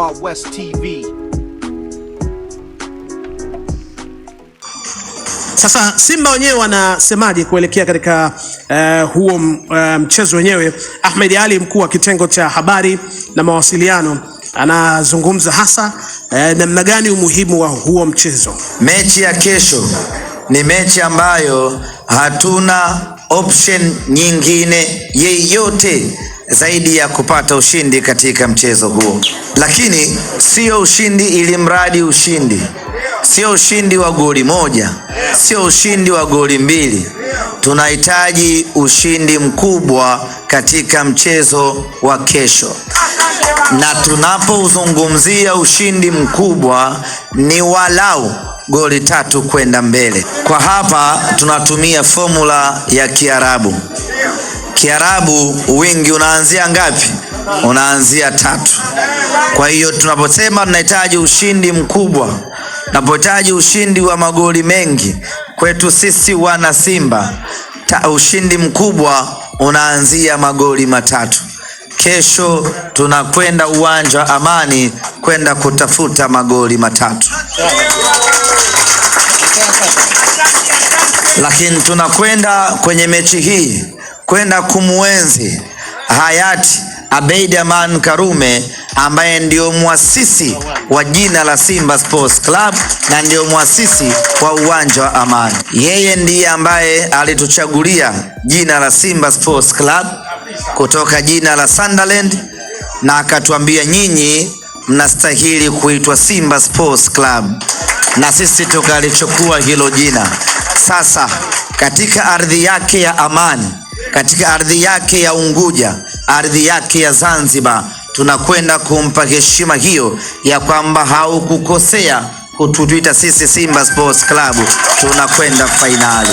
Wild West TV. Sasa Simba wenyewe wanasemaje kuelekea katika uh, huo uh, mchezo wenyewe? Ahmed Ali, mkuu wa kitengo cha habari na mawasiliano, anazungumza hasa uh, namna gani umuhimu wa huo mchezo. Mechi ya kesho ni mechi ambayo hatuna option nyingine yeyote zaidi ya kupata ushindi katika mchezo huo, lakini sio ushindi ili mradi ushindi, sio ushindi wa goli moja, sio ushindi wa goli mbili. Tunahitaji ushindi mkubwa katika mchezo wa kesho, na tunapouzungumzia ushindi mkubwa ni walau goli tatu kwenda mbele. Kwa hapa tunatumia fomula ya Kiarabu. Kiarabu wingi unaanzia ngapi? Unaanzia tatu. Kwa hiyo tunaposema tunahitaji ushindi mkubwa, tunapohitaji ushindi wa magoli mengi, kwetu sisi wana Simba ta, ushindi mkubwa unaanzia magoli matatu. Kesho tunakwenda uwanja wa Amani kwenda kutafuta magoli matatu, lakini tunakwenda kwenye mechi hii kwenda kumwenzi hayati Abeid Aman Karume ambaye ndio mwasisi wa jina la Simba Sports Club na ndio mwasisi wa uwanja wa Amani. Yeye ndiye ambaye alituchagulia jina la Simba Sports Club kutoka jina la Sunderland na akatuambia nyinyi mnastahili kuitwa Simba Sports Club, na sisi tukalichukua hilo jina. Sasa katika ardhi yake ya Amani katika ardhi yake ya Unguja, ardhi yake ya Zanzibar, tunakwenda kumpa heshima hiyo ya kwamba haukukosea kututuita sisi Simba Sports Club tunakwenda fainali.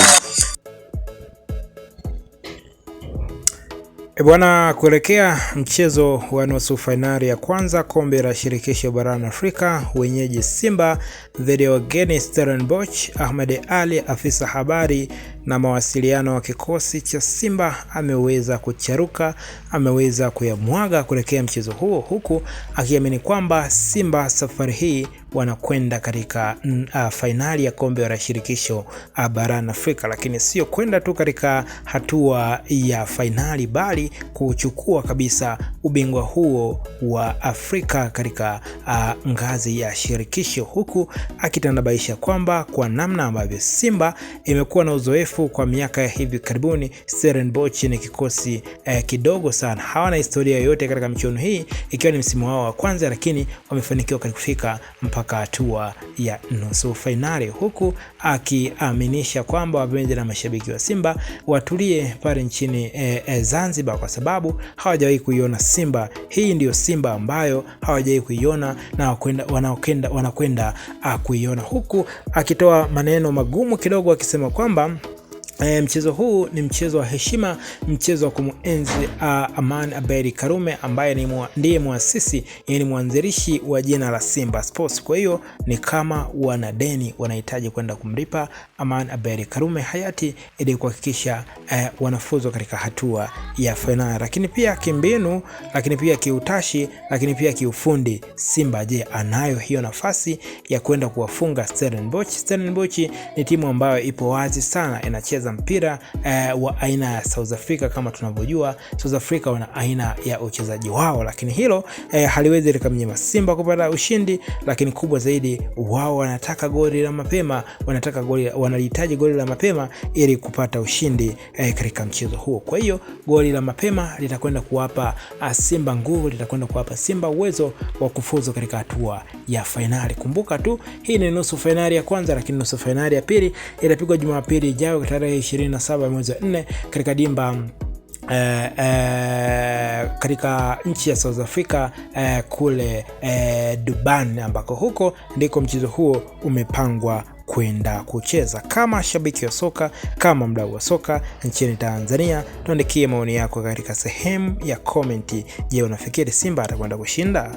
E bwana, kuelekea mchezo wa nusu fainali ya kwanza kombe la shirikisho barani Afrika, wenyeji Simba dhidi ya wageni Stellenbosch. Ahmed ali afisa habari na mawasiliano wa kikosi cha Simba ameweza kucharuka, ameweza kuyamwaga kuelekea mchezo huo, huku akiamini kwamba Simba safari hii wanakwenda katika uh, fainali ya kombe la shirikisho uh, barani Afrika, lakini sio kwenda tu katika hatua ya fainali, bali kuchukua kabisa ubingwa huo wa Afrika katika uh, ngazi ya shirikisho, huku akitanabaisha kwamba kwa namna ambavyo Simba imekuwa na uzoefu mrefu kwa miaka ya hivi karibuni, Stellenbosch ni kikosi eh, kidogo sana, hawana historia yoyote katika michuano hii, ikiwa ni msimu wao wa kwanza, lakini wamefanikiwa kufika mpaka hatua ya nusu fainali, huku akiaminisha kwamba wapenzi na mashabiki wa Simba watulie pale nchini eh, eh, Zanzibar kwa sababu hawajawahi kuiona Simba. Hii ndiyo Simba ambayo hawajawahi kuiona na wanakwenda wanakwenda ah, kuiona, huku akitoa maneno magumu kidogo akisema kwamba E, mchezo huu ni mchezo wa heshima, mchezo wa kumuenzi uh, Aman Abedi Karume ambaye ni mwa, ndiye muasisi yani mwanzilishi wa jina la Simba Sports. Kwa hiyo ni kama wana deni wanahitaji kwenda kumlipa Aman Abedi Karume hayati ili kuhakikisha uh, wanafuzwa katika hatua ya fainali, lakini pia kimbinu, lakini pia kiutashi, lakini pia kiufundi. Simba je, anayo hiyo nafasi ya kwenda kuwafunga Stellenbosch? Stellenbosch ni timu ambayo ipo wazi sana inacheza wanacheza mpira eh, wa aina ya South Africa. Kama tunavyojua South Africa wana aina ya uchezaji wao, lakini hilo eh, haliwezi likamnyima Simba kupata ushindi. Lakini kubwa zaidi, wao wanataka goli la mapema, wanataka goli, wanahitaji goli la mapema ili kupata ushindi eh, katika mchezo huo. Kwa hiyo goli la mapema litakwenda kuwapa ah, Simba nguvu, litakwenda kuwapa Simba uwezo wa kufuzu katika hatua ya fainali. Kumbuka tu hii ni nusu fainali ya kwanza, lakini nusu fainali ya pili itapigwa Jumapili ijayo tarehe tarehe 27 mwezi wa 4 katika dimba Uh, uh, katika nchi ya South Africa uh, kule uh, Durban ambako huko ndiko mchezo huo umepangwa kwenda kucheza. Kama shabiki wa soka, kama mdau wa soka nchini Tanzania, tuandikie maoni yako katika sehemu ya komenti. Je, unafikiri Simba atakwenda kushinda?